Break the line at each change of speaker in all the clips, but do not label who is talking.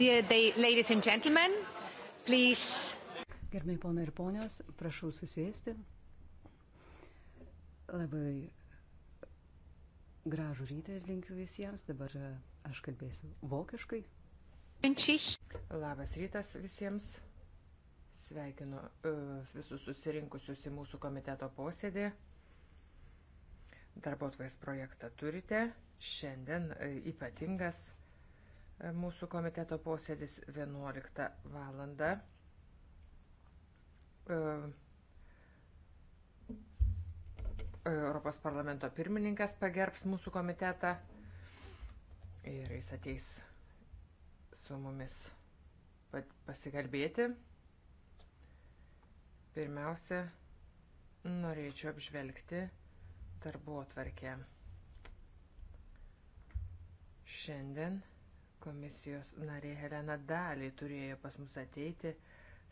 Dear they, ladies and gentlemen, please. Gerbiai ponai ir ponios, prašau susėsti. Labai gražų rytą ir linkiu visiems. Dabar e, aš kalbėsiu vokiškai. Labas rytas visiems.
Sveikinu e, visus susirinkusius į mūsų komiteto posėdį. Darbotvės projektą turite. Šiandien e, ypatingas Mūsų komiteto posėdis 11 valandą. E, e, Europos parlamento pirmininkas pagerbs mūsų komitetą ir jis ateis su mumis pasikalbėti. Pirmiausia, norėčiau apžvelgti darbo atvarkę. Šiandien Komisijos narė Helena Daliai turėjo pas mus ateiti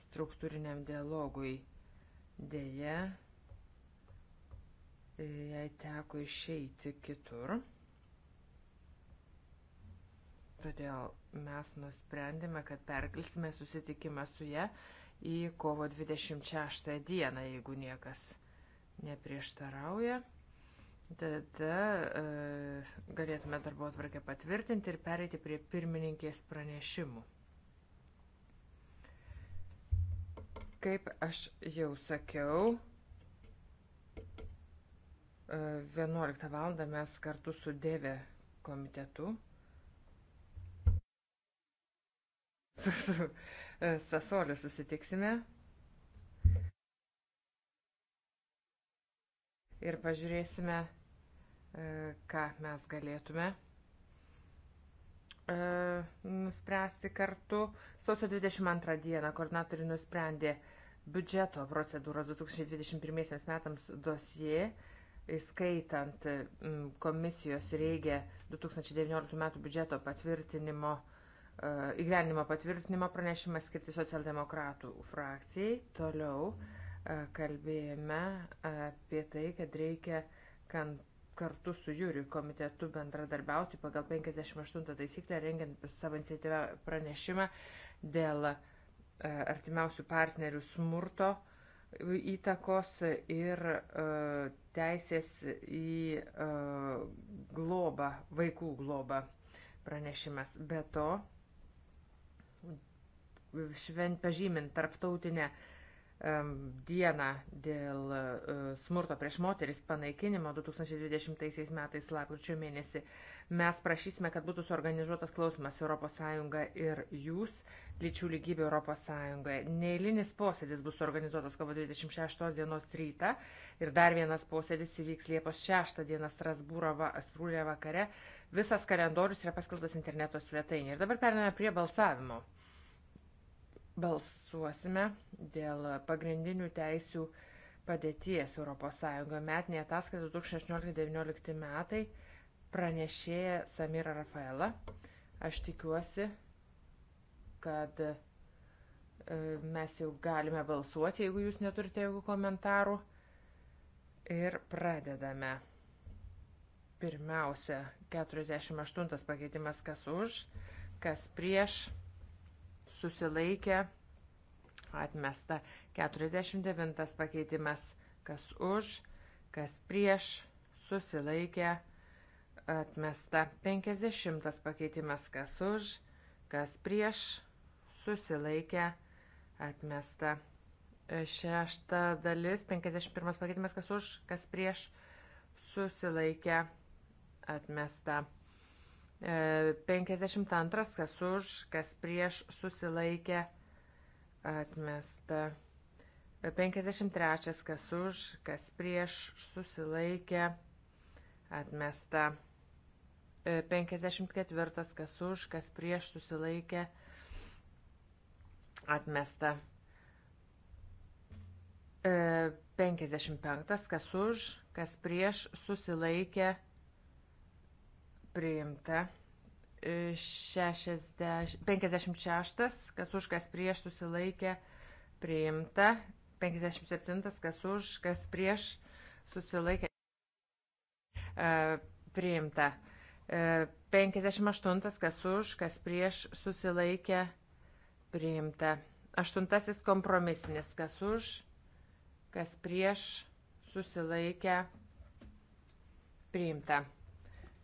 struktūriniam dialogui. Deja, jai teko išeiti kitur. Todėl mes nusprendėme, kad perkelsime susitikimą su ją į kovo 26 dieną, jeigu niekas neprieštarauja. Tada e, galėtume darbo atvarkę patvirtinti ir pereiti prie pirmininkės pranešimų. Kaip aš jau sakiau, 11 e, val. mes kartu su Dėvė komitetu, su, su e, Sasoliu susitiksime. Ir pažiūrėsime, E, ką mes galėtume e, nuspręsti kartu. Sausio 22 dieną koordinatoriai nusprendė biudžeto procedūros 2021 metams dosie, įskaitant komisijos reigia 2019 metų biudžeto patvirtinimo, e, įgyvenimo patvirtinimo pranešimą skirti socialdemokratų frakcijai. Toliau kalbėjome apie tai, kad reikia kant kartu su Jūrių komitetu bendradarbiauti pagal 58 taisyklę, rengiant savo iniciatyvą pranešimą dėl e, artimiausių partnerių smurto įtakos ir e, teisės į e, globą, vaikų globą pranešimas. Be to, švent pažymint tarptautinę uh, dieną dėl e, smurto prieš moteris panaikinimo 2020 metais lapkričio mėnesį mes prašysime, kad būtų suorganizuotas klausimas ES ir jūs, lyčių lygybė ES. Neįlinis posėdis bus suorganizuotas kovo 26 dienos rytą ir dar vienas posėdis įvyks Liepos 6 dieną Strasbūro sprūlė vakare. Visas kalendorius yra paskelbtas interneto svetainė. Ir dabar periname prie balsavimo balsuosime dėl pagrindinių teisių padėties ES metinėje ataskaita 2018-2019 metai pranešėja Samira Rafaela. Aš tikiuosi, kad e, mes jau galime balsuoti, jeigu jūs neturite jokių komentarų. Ir pradedame. Pirmiausia, 48 pakeitimas kas už, kas prieš susilaikė, atmesta. 49 pakeitimas, kas už, kas prieš, susilaikė, atmesta. 50 pakeitimas, kas už, kas prieš, susilaikė, atmesta. Šešta dalis, 51 pakeitimas, kas už, kas prieš, susilaikė, atmesta. 52, e, kas už, kas prieš susilaikė atmesta. 53, e, kas už, kas prieš susilaikė atmesta. 54, e, kas už, kas prieš susilaikė atmesta. 55, kas už, kas prieš susilaikė atmesta priimta. 60, e, 56, kas už, kas prieš susilaikė, priimta. 57, e, e, kas už, kas prieš susilaikė, priimta. 58, kas už, kas prieš susilaikė, priimta. 8 kompromisinis, kas už, kas prieš susilaikė, priimta.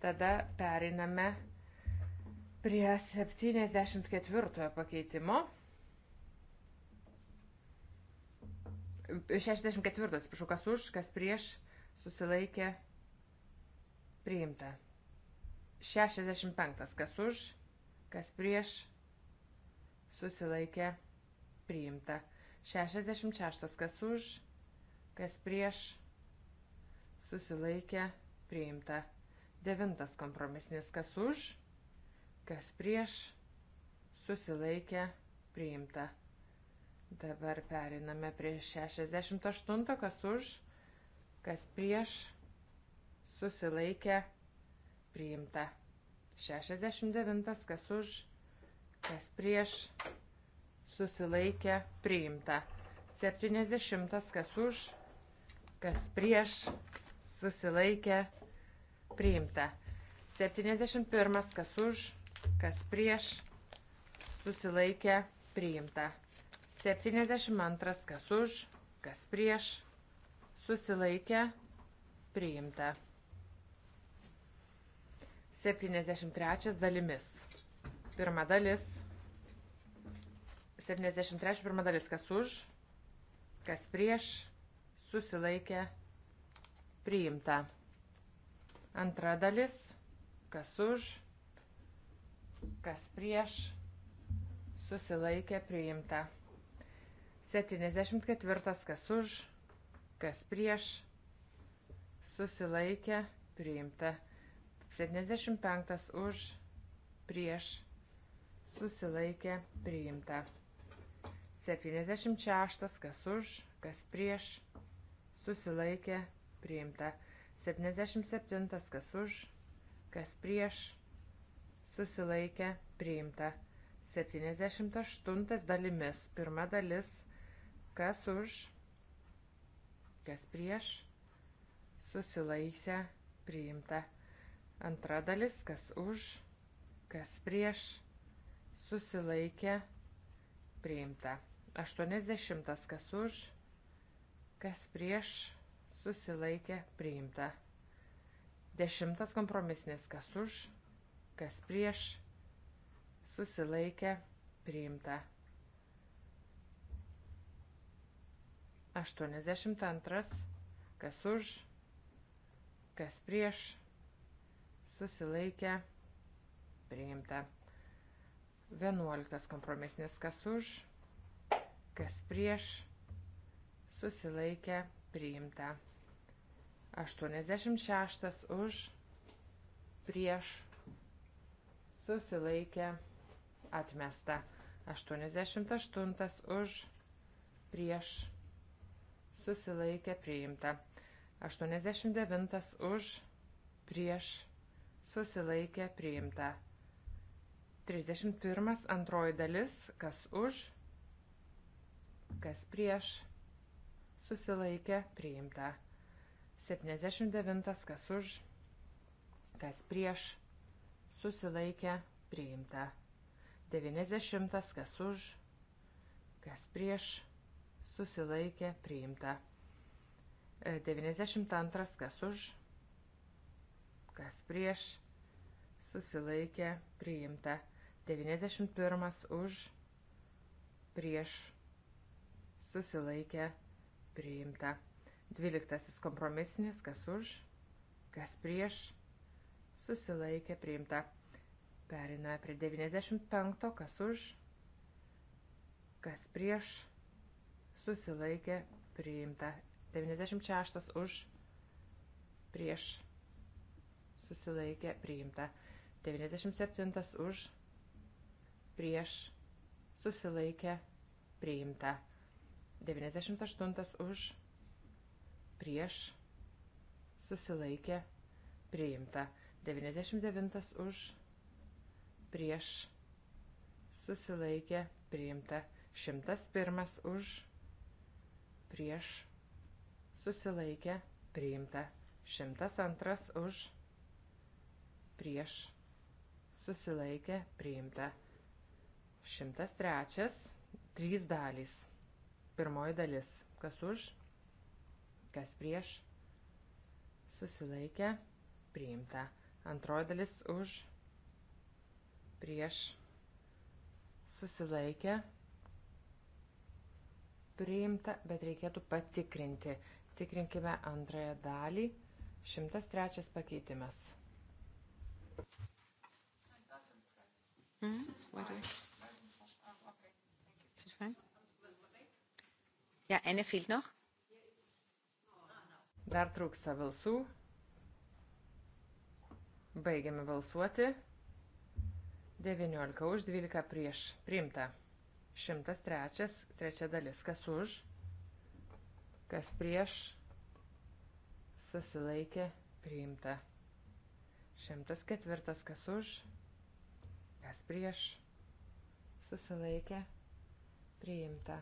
Tada periname prie 74 pakeitimo. 64, atsiprašau, kas už, kas prieš, susilaikė, priimta. 65, kas už, kas prieš, susilaikė, priimta. 66, kas už, kas prieš, susilaikė, priimta. Devintas kompromisinis, kas už, kas prieš, susilaikė, priimta. Dabar periname prie 68, kas už, kas prieš, susilaikė, priimta. 69, kas už, kas prieš, susilaikė, priimta. 70, kas už, kas prieš, susilaikė, priimta priimta. 71. Kas už, kas prieš, susilaikė, priimta. 72. Kas už, kas prieš, susilaikė, priimta. 73 dalimis. Pirma dalis. 73 pirma dalis. Kas už, kas prieš, susilaikė, priimta. Antra dalis. Kas už, kas prieš, susilaikė priimta. 74. Kas už, kas prieš, susilaikė priimta. 75. Už, prieš, susilaikė priimta. 76. Kas už, kas prieš, susilaikė priimta. 77 kas už, kas prieš, susilaikę, priimta. 78 dalimis, pirma dalis, kas už, kas prieš, susilaikę, priimta. Antra dalis, kas už, kas prieš, susilaikę, priimta. 80 kas už, kas prieš, susilaikė priimta. Dešimtas kompromisnis kas už, kas prieš, susilaikė priimta. 82 kas už, kas prieš, susilaikė priimta. 11 kompromisnis kas už, kas prieš, susilaikė priimta. 86 už, prieš, susilaikę, atmesta. 88 už, prieš, susilaikę, priimta. 89 už, prieš, susilaikę, priimta. 31 antroji dalis, kas už, kas prieš, susilaikę, priimta. 79 kas už, kas prieš, susilaikė, priimta. 90 kas už, kas prieš, susilaikė, priimta. 92 e, kas už, kas prieš, susilaikė, priimta. 91 už, prieš, susilaikė, priimta. Dvyliktasis kompromisinis, kas už, kas prieš, susilaikė priimta. Periname prie 95, kas už, kas prieš, susilaikė priimta. 96 už, prieš, susilaikė priimta. 97 už, prieš, susilaikė priimta. 98 už, prieš prieš susilaikė priimta. 99 už prieš susilaikė priimta. 101 už prieš susilaikė priimta. 102 už prieš susilaikė priimta. 103 trys dalys. Pirmoji dalis. Kas už? kas prieš, susilaikė, priimta. Antroji dalis už, prieš, susilaikė, priimta, bet reikėtų patikrinti. Tikrinkime antrąją dalį. 103 pakeitimas. Mm, where do I... Ja, eine fehlt noch. Dar trūksta balsų. Baigiame balsuoti. 19 už 12 prieš. Priimta. 103. Trečia dalis. Kas už? Kas prieš? Susilaikė. Priimta. 104. Kas už? Kas prieš? Susilaikė. Priimta.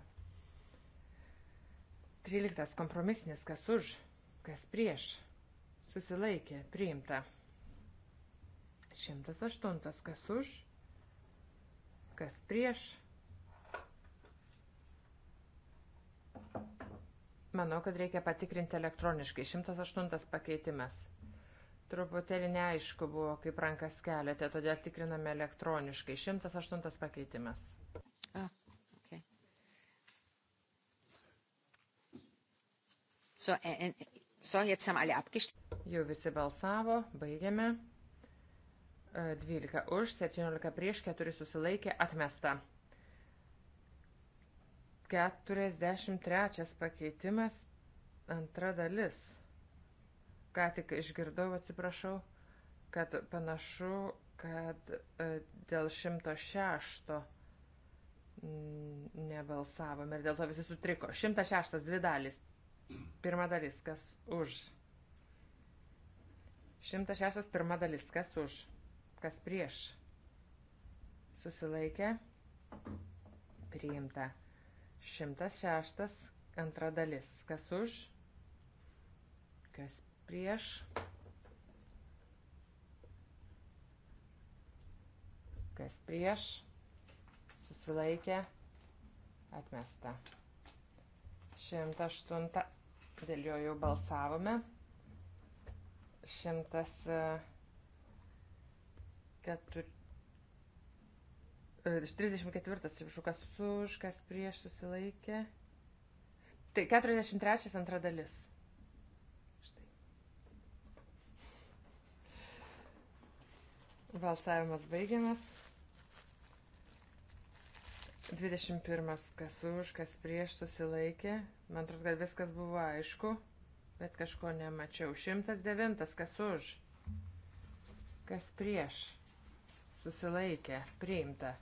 13. Kompromisinis. Kas už? Kas už? Kas prieš? Susilaikė. Priimta. 108. Kas už? Kas prieš? Manau, kad reikia patikrinti elektroniškai. 108 pakeitimas. Truputėlį neaišku buvo, kaip rankas keliate, todėl tikriname elektroniškai. 108 pakeitimas.
Oh, okay. So, and, So, jetzt haben alle abgestimmt. Jau
visi balsavo, baigiame. 12 e, už, 17 prieš, 4 susilaikė, atmesta. 43 pakeitimas, antra dalis. Ką tik išgirdau, atsiprašau, kad panašu, kad e, dėl 106 mm, nebalsavome ir dėl to visi sutriko. 106 dvi dalis. Pirma dalis, kas už. 106 pirma dalis, kas už, kas prieš. Susilaikė, priimta. 106 antra dalis, kas už, kas prieš. Kas prieš, susilaikė, atmesta. 108 dėl jo jau balsavome. 104. 34, e, e, atsiprašau, kas už, kas prieš susilaikė. Tai 43 antra dalis. Štai. Balsavimas baigiamas. 21, kas už, kas prieš susilaikė, Man atrodo, kad viskas buvo aišku, bet kažko nemačiau. 109. Kas už? Kas prieš? Susilaikė. Priimta.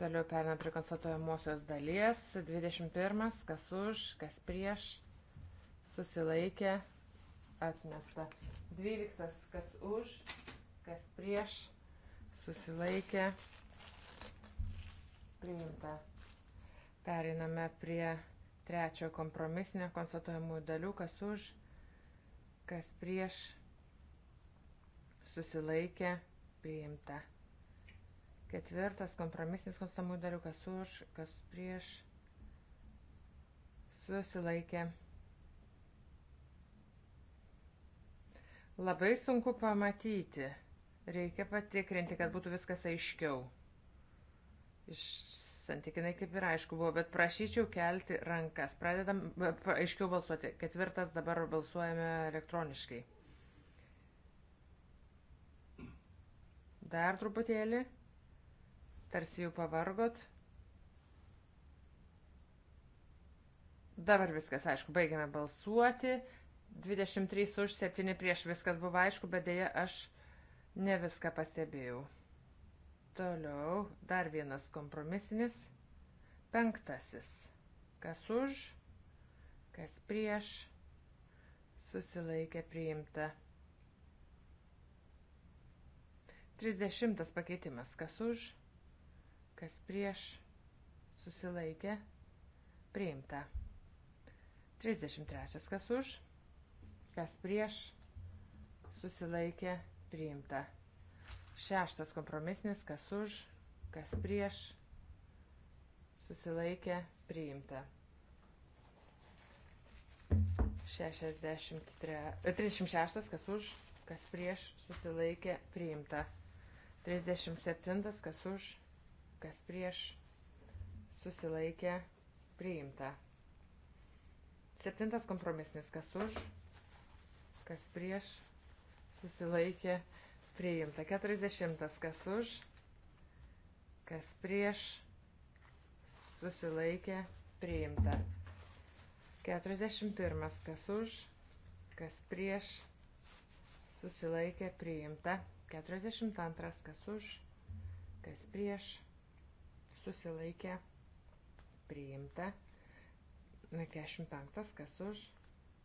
Toliau perinam prie konstatuojamosios dalies. 21. Kas už? Kas prieš? Susilaikė. Atmesta. 12. Kas už? Kas prieš? Susilaikė. Priimta. Periname prie trečiojo kompromisinio konstatuojamųjų dalių, kas už, kas prieš, susilaikė, priimta. Ketvirtas kompromisinis konstatuojamųjų dalių, kas už, kas prieš, susilaikė. Labai sunku pamatyti. Reikia patikrinti, kad būtų viskas aiškiau. Iš santykinai kaip ir aišku buvo, bet prašyčiau kelti rankas. Pradedam aiškiau balsuoti. Ketvirtas dabar balsuojame elektroniškai. Dar truputėlį. Tarsi jau pavargot. Dabar viskas aišku, baigiame balsuoti. 23 už 7 prieš viskas buvo aišku, bet dėja aš ne viską pastebėjau. Toliau dar vienas kompromisinis. Penktasis. Kas už, kas prieš, susilaikė priimta. 30 pakeitimas. Kas už, kas prieš, susilaikė priimta. 33 kas už, kas prieš, susilaikė priimta. Šeštas kompromisnis, kas už, kas prieš, susilaikė, priimta. 63, 36, e, kas už, kas prieš, susilaikė, priimta. 37, kas už, kas prieš, susilaikė, priimta. Septintas kompromisnis, kas už, kas prieš, susilaikė, priimta Priimta 40. Kas už, kas prieš, susilaikė, priimta. 41. Kas už, kas prieš, susilaikė, priimta. 42. Kas už, kas prieš, susilaikė, priimta. 45. Kas už,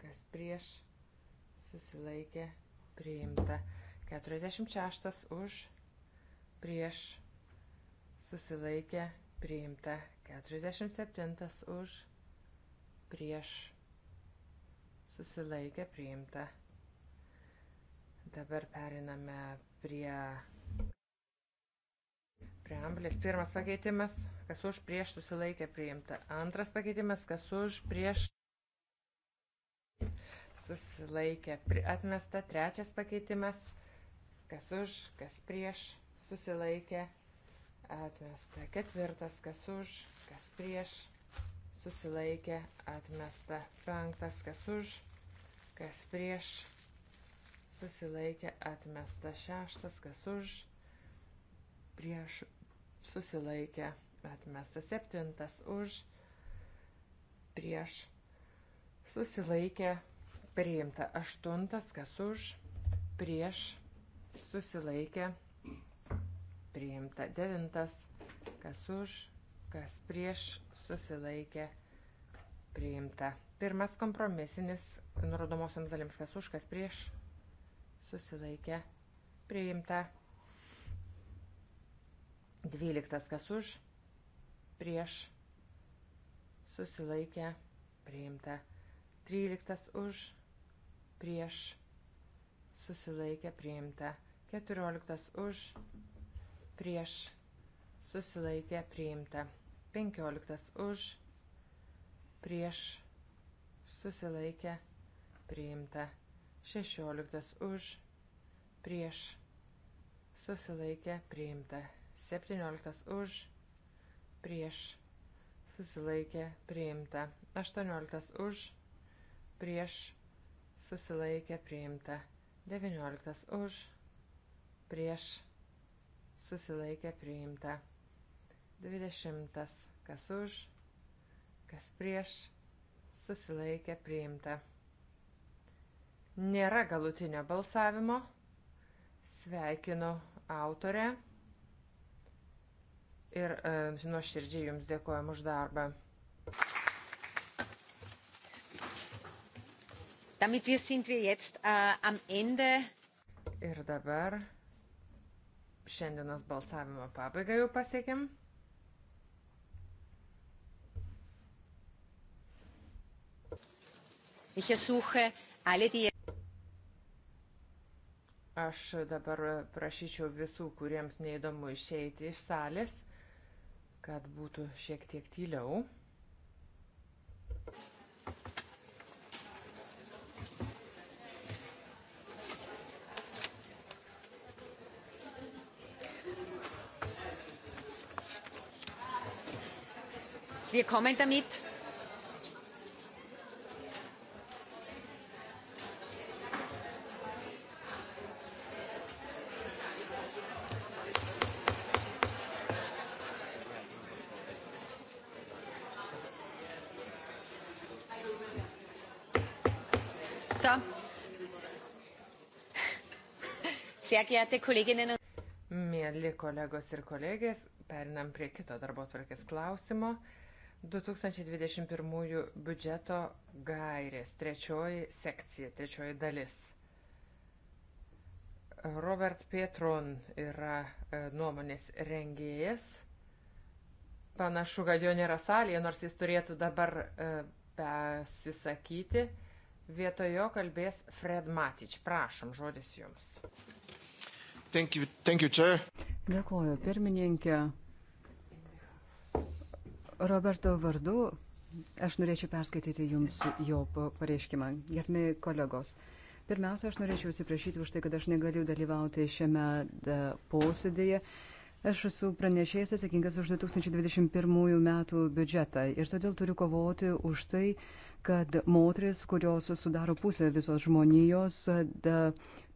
kas prieš, susilaikė, priimta. 46 už, prieš, susilaikė, priimta. 47 už, prieš, susilaikė, priimta. Dabar periname prie preambulės. Pirmas pakeitimas, kas už, prieš, susilaikė, priimta. Antras pakeitimas, kas už, prieš, susilaikė, atmesta. Trečias pakeitimas kas už, kas prieš, susilaikė, atmesta. Ketvirtas, kas už, kas prieš, susilaikė, atmesta. Penktas, kas už, kas prieš, susilaikė, atmesta. Šeštas, kas už, prieš, susilaikė, atmesta. Septintas, už, prieš, susilaikė, priimta. Aštuntas, kas už, prieš, susilaikė susilaikė, priimta. Devintas, kas už, kas prieš, susilaikė, priimta. Pirmas kompromisinis, nurodomosiams dalims, kas už, kas prieš, susilaikė, priimta. Dvyliktas, kas už, prieš, susilaikė, priimta. Tryliktas už, prieš, susilaikė, priimta. 14 už, prieš, susilaikė priimta. 15 už, prieš, susilaikė priimta. 16 už, prieš, susilaikė priimta. 17 už, prieš, susilaikė priimta. 18 už, prieš, susilaikė priimta. 19 už, prieš susilaikė priimta. 20. Kas už, kas prieš susilaikė priimta. Nėra galutinio balsavimo. Sveikinu autorę ir e, nuoširdžiai Jums dėkojam už darbą.
Damit wir sind wir jetzt äh, am Ende.
Ir dabar šiandienos balsavimo pabaigą jau pasiekėm. Aš dabar prašyčiau visų, kuriems neįdomu išeiti iš salės, kad būtų šiek tiek tyliau.
Wir kommen damit So. Sehr geehrte Kolleginnen und
Mėly kolegos ir kolegės, perinam prie kito darbo tvarkės klausimo. 2021 biudžeto gairės, trečioji sekcija, trečioji dalis. Robert Pietron yra e, nuomonės rengėjas. Panašu, kad jo nėra salėje, nors jis turėtų dabar e, pasisakyti. Vietojo kalbės Fred Matič. Prašom, žodis jums.
Thank you, thank you, chair. Dėkuoju, pirmininkė. Roberto vardu aš norėčiau perskaityti Jums jo pareiškimą. Gerbimi kolegos. Pirmiausia, aš norėčiau atsiprašyti už tai, kad aš negaliu dalyvauti šiame e, posėdėje. Aš esu pranešėjas atsakingas už 2021 metų biudžetą ir todėl turiu kovoti už tai, kad moteris, kurios sudaro pusę visos žmonijos, da,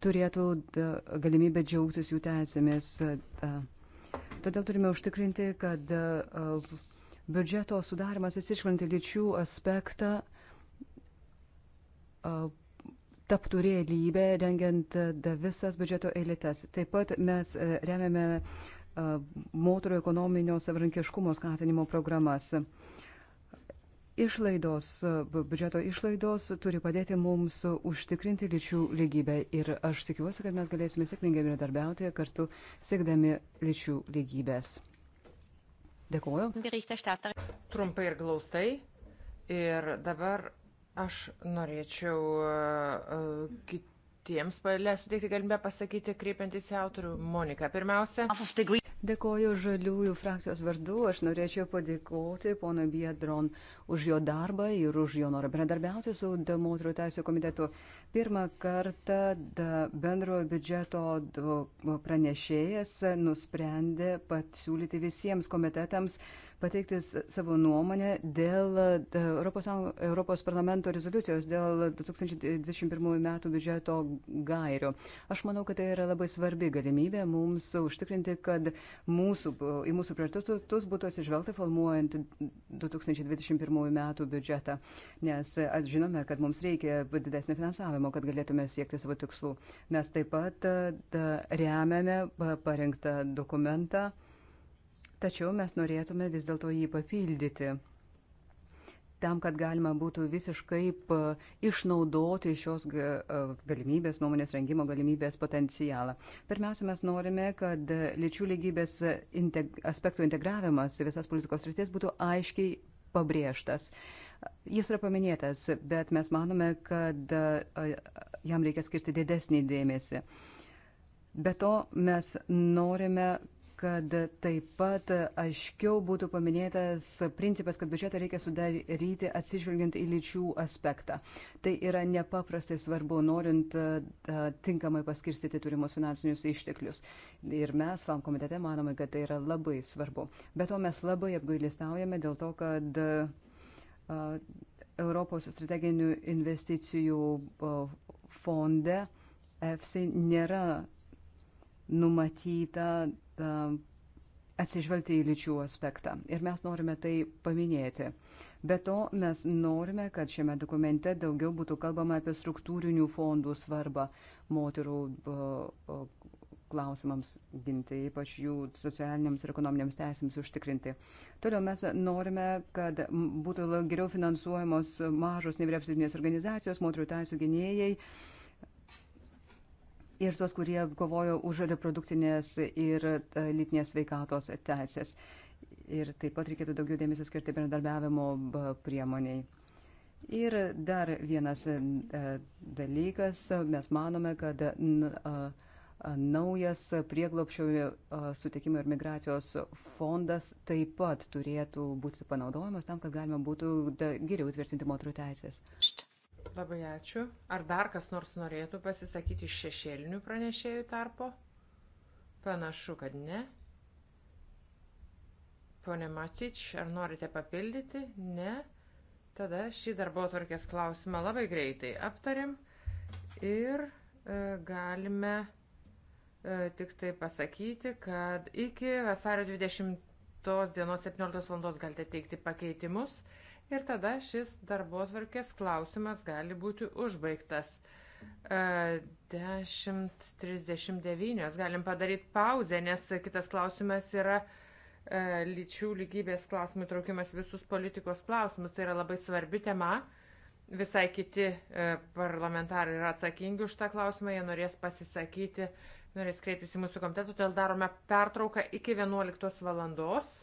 turėtų da, galimybę džiaugtis jų teisėmis. Da. Todėl turime užtikrinti, kad da, e, biudžeto sudarimas atsižvelgiant į lyčių aspektą taptų realybė, rengiant visas biudžeto eilėtas. Taip pat mes remiame moterų ekonominio savarankiškumo skatinimo programas. Išlaidos, biudžeto išlaidos turi padėti mums užtikrinti lyčių lygybę ir aš tikiuosi, kad mes galėsime sėkmingai bendradarbiauti kartu siekdami lyčių lygybės. Dėkuoju.
Trumpai ir glaustai. Ir dabar aš norėčiau uh, e, kitą kitiems suteikti galimybę pasakyti, kreipiantis į autorių. Monika, pirmiausia.
Dėkoju žaliųjų frakcijos vardu. Aš norėčiau padėkoti pono Biedron už jo darbą ir už jo norą bendradarbiauti su moterų teisų komitetu. Pirmą kartą bendrojo biudžeto pranešėjas nusprendė pasiūlyti visiems komitetams pateikti savo nuomonę dėl e, Europos, Europos parlamento rezoliucijos dėl 2021 metų biudžeto gairių. Aš manau, kad tai yra labai svarbi galimybė mums užtikrinti, kad mūsų, į mūsų prioritetus būtų atsižvelgta formuojant 2021 metų biudžetą, nes e, žinome, kad mums reikia didesnio finansavimo, kad galėtume siekti savo tikslų. Mes taip pat e, remiame parengtą dokumentą tačiau mes norėtume vis dėlto jį papildyti tam, kad galima būtų visiškai išnaudoti šios galimybės, nuomonės rengimo galimybės potencialą. Pirmiausia, mes norime, kad lyčių lygybės integ aspektų integravimas į visas politikos rytis būtų aiškiai pabrėžtas. Jis yra paminėtas, bet mes manome, kad jam reikia skirti didesnį dėmesį. Be to, mes norime, kad taip pat aiškiau būtų paminėtas principas, kad biudžetą reikia sudaryti atsižvelgiant į lyčių aspektą. Tai yra nepaprastai svarbu, norint e, tinkamai paskirstyti turimus finansinius išteklius. Ir mes, FAM komitete, manome, kad tai yra labai svarbu. Be to mes labai apgailestaujame dėl to, kad e, Europos strateginių investicijų e, fonde EFSI nėra numatyta atsižvelgti į lyčių aspektą. Ir mes norime tai paminėti. Be to, mes norime, kad šiame dokumente daugiau būtų kalbama apie struktūrinių fondų svarbą moterų klausimams ginti, ypač jų socialiniams ir ekonominiams teisėms užtikrinti. Toliau mes norime, kad būtų geriau finansuojamos mažos nevyriausybinės organizacijos, moterų teisų gynėjai, uh, ir tuos, kurie kovojo už reproduktinės ir e, lytinės sveikatos teisės. Ir taip pat reikėtų daugiau dėmesio skirti bendradarbiavimo e, priemoniai. Ir dar vienas e, dalykas, mes manome, kad naujas prieglopščio sutikimo ir migracijos fondas taip pat turėtų būti panaudojamas tam, kad galima būtų geriau tvirtinti moterų teisės.
Labai ačiū. Ar dar kas nors norėtų pasisakyti iš šešėlinių pranešėjų tarpo? Panašu, kad ne. Pone Mačič, ar norite papildyti? Ne. Tada šį darbo tvarkės klausimą labai greitai aptarim ir e, galime e, tik tai pasakyti, kad iki vasario 20 dienos 17 val. galite teikti pakeitimus. E, ir tada šis darbotvarkės klausimas gali būti užbaigtas. 10.39. E, galim padaryti pauzę, nes kitas klausimas yra e, lyčių lygybės klausimų traukimas visus politikos klausimus. Tai yra labai svarbi tema. Visai kiti e, parlamentarai yra atsakingi už tą klausimą, jie norės pasisakyti, norės kreiptis į mūsų komitetą, todėl darome pertrauką iki 11 valandos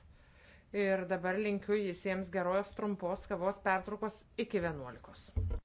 ir dabar linkiu visiems geros trumpos kavos pertraukos iki 11.